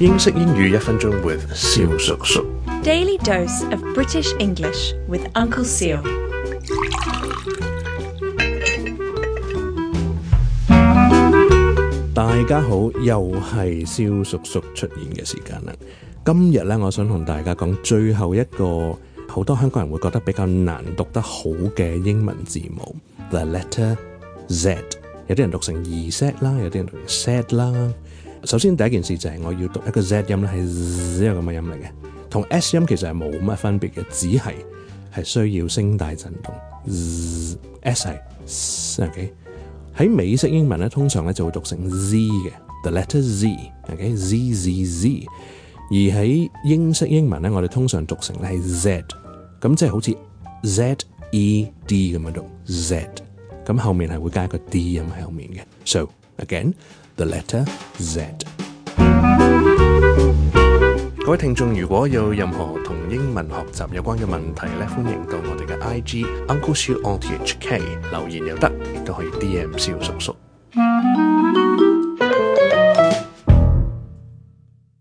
英式英語一分鐘 with 蕭叔叔。Daily dose of British English with Uncle Seal。大家好，又係蕭叔叔出現嘅時間啦。今日咧，我想同大家講最後一個，好多香港人會覺得比較難讀得好嘅英文字母，the letter Z。有啲人讀成 Eset 啦，有啲人讀成 Set 啦。首先第一件事就係我要讀一個 Z 音咧，係 Z 咁嘅音嚟嘅，同 S 音其實係冇乜分別嘅，只係係需要聲帶震動。S 係，OK？喺美式英文咧，通常咧就會讀成 Z 嘅，the letter Z，OK？Z Z Z。而喺英式英文咧，我哋通常讀成咧係 Z，咁即係好似 Z E D 咁樣讀，Z。咁後面係會加一個 D 音喺後面嘅，so。Again, the letter Z. 各位聽眾如果有任何同英文學習有關嘅問題咧，歡迎到我哋嘅 IG Uncle Siu on HK 留言又得，亦都可以 DM 蕭叔叔。